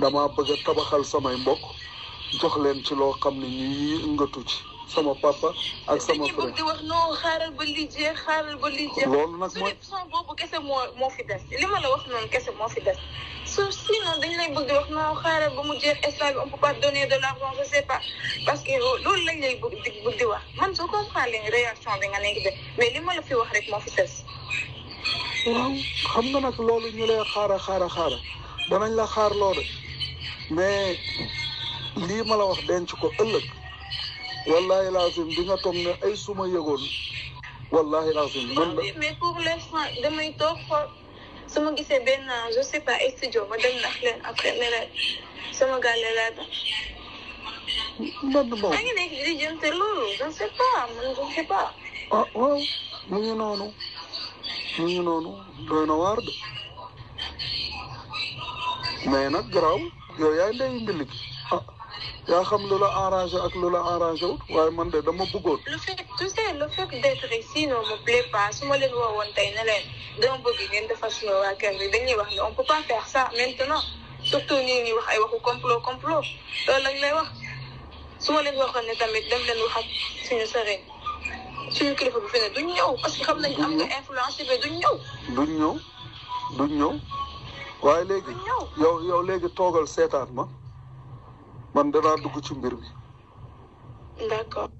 dama bëgg tabaxal samay mbokk jox leen ci loo xam ne ñuy ngëtu ci sama papa ak sama frère di wax non xaaral ba li jeex xaaral ba li jeex loolu nag mooy son boobu kese moo moo fi des li ma la wax noonu kese moo fi des su sinon dañ lay bëgg di wax non xaaral ba mu jeex instant bi on peut pas donner de l'argent je sais pas parce que loolu lañ lay bëgg bëgg di wax man soo comprendre leen réaction bi nga nekk de mais li ma la fi wax rek moo fi des waaw xam nga nag loolu ñu lay xaara xaara xaara danañ la xaar loolu mais lii ma la wax denc ko ëllëg wallahi lazim di nga toog ne ay suma yëgoon wallahi lazim man mais pour l'instant damay toog xool su ma gisee benn je sais pas studio ma dem ndax leen après mais la sama gàlle laa da man bon maa ngi nekk di jënte ah, noonu mu ngi noonu doy na waar nag garaaw yow yaay ndeyu mbill gi ah yaa xam lu la arrangé ak lu la arrangé wut waaye man de dama bëggoon. le fait tu sais le fait d'être ici non me plaît pas su ma leen woowoon tey ne leen dama bëgg ngeen defar suñu waa kër gi dañuy wax ne on peut pas faire ça maintenant surtout ñi ñuy wax ay waxu complot complot loolu lañ lay wax su ma leen waxoon ne tamit dem leen wax ak suñu sëriñ suñu kilifa bu fi ne duñ ñëw parce que xam nañ am nga influence bi duñ ñëw. duñ ñëw duñ ñëw. waaye léegi yow yow léegi toogal seetaan ma man danaa dugg ci mbir mi d'accord